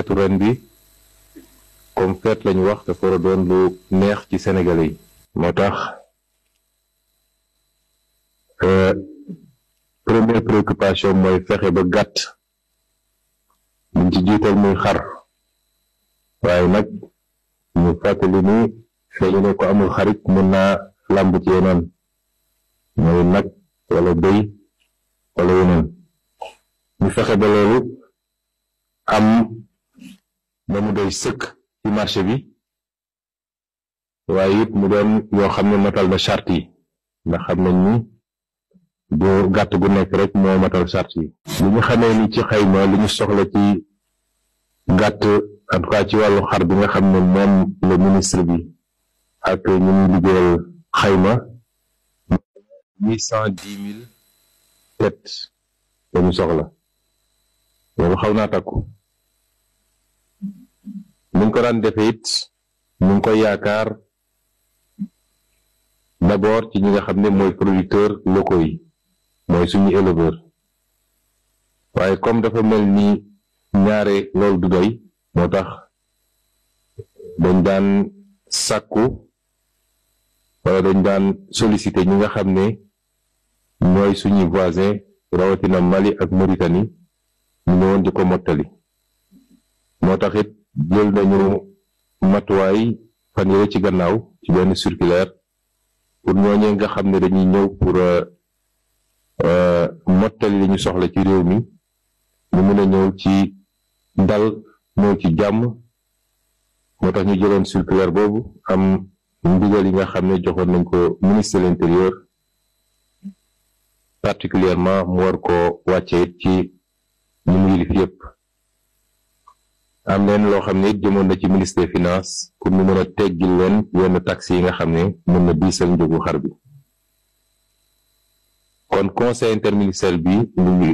feetu ren bi comme feet lañ wax da war doon lu neex ci sénégalais yi moo tax euh, première préoccupation mooy fexe ba gàtt buñ ci jiital muy xar waaye nag ñu fàttali ni dañu ne ko amul xarit mën naa làmb ci yeneen mooy nag wala bëy wala yeneen ñu fexe ba loolu am ba mu doy sëkk ci marché bi waaye it mu doon yoo xam ne matal na charte yi ndax xam nañ ni bu gàtt gu nekk rek moo matal charte yi li ñu xamee ni ci xayma lu ñu soxla ci gàtt en ci wàllu xar bi nga xam ne moom le ministre bi ak ñu mu liggéeyal xayma huit cent soxla loolu xaw naa takku ni ko daan defe it ñu koy yaakaar d'abord ci ñi nga xam ne mooy producteurs locaux koy mooy suñu éleveur waaye comme dafa mel ni ñaare loolu du doy moo tax dañ daan sàkku wala dañ daan solliciter ñi nga xam ne mooy suñuy voisin rawatina Mali ak Mauritanie ñu ñëwoon di ko mottali moo tax it jël nañu matuwaay fan yële ci gannaaw ci benn circulaire pour ñooñee nga xam ne dañuy ñëw pour euh, euh, mottali li ñu soxla ci réew mi ñu mën a ñëw ci dal ñëw ci jàmm moo tax ñu jëloon circulaire boobu am ndigal yi nga xam ne joxoon nañ ko ministre de l'intérieur particulièrement mu war ko wàcce ci ñu mu yilif am leen loo xam ne it jëmoon na ci ministre finance finances pour mu mën a teggil leen yenn taxes yi nga xam ne mën na diisal njëgu xar bi kon conseil interministériel bi ñu ngi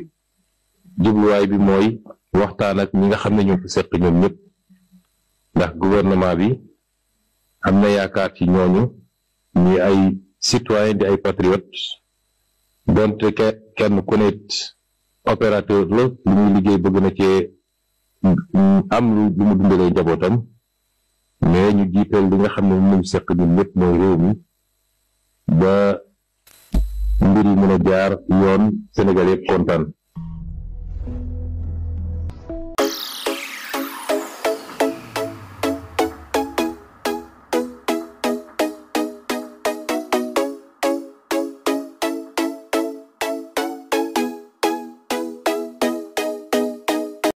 jubluwaay bi mooy waxtaan ak ñi nga xam ne ñoom ko seq ñoom ñëpp ndax gouvernement bi am na yaakaar ci ñooñu ñi ay citoyen di ay patriotes donte kenn ku ne opérateur la li muy liggéey bëgg na cee am lu lu mu dundalee njabootam mais ñu jiital li nga xam ne moom seq ñun ñëpp mooy réew mi ba mbir yi mën a jaar yoon Sénégal yëpp kontaan.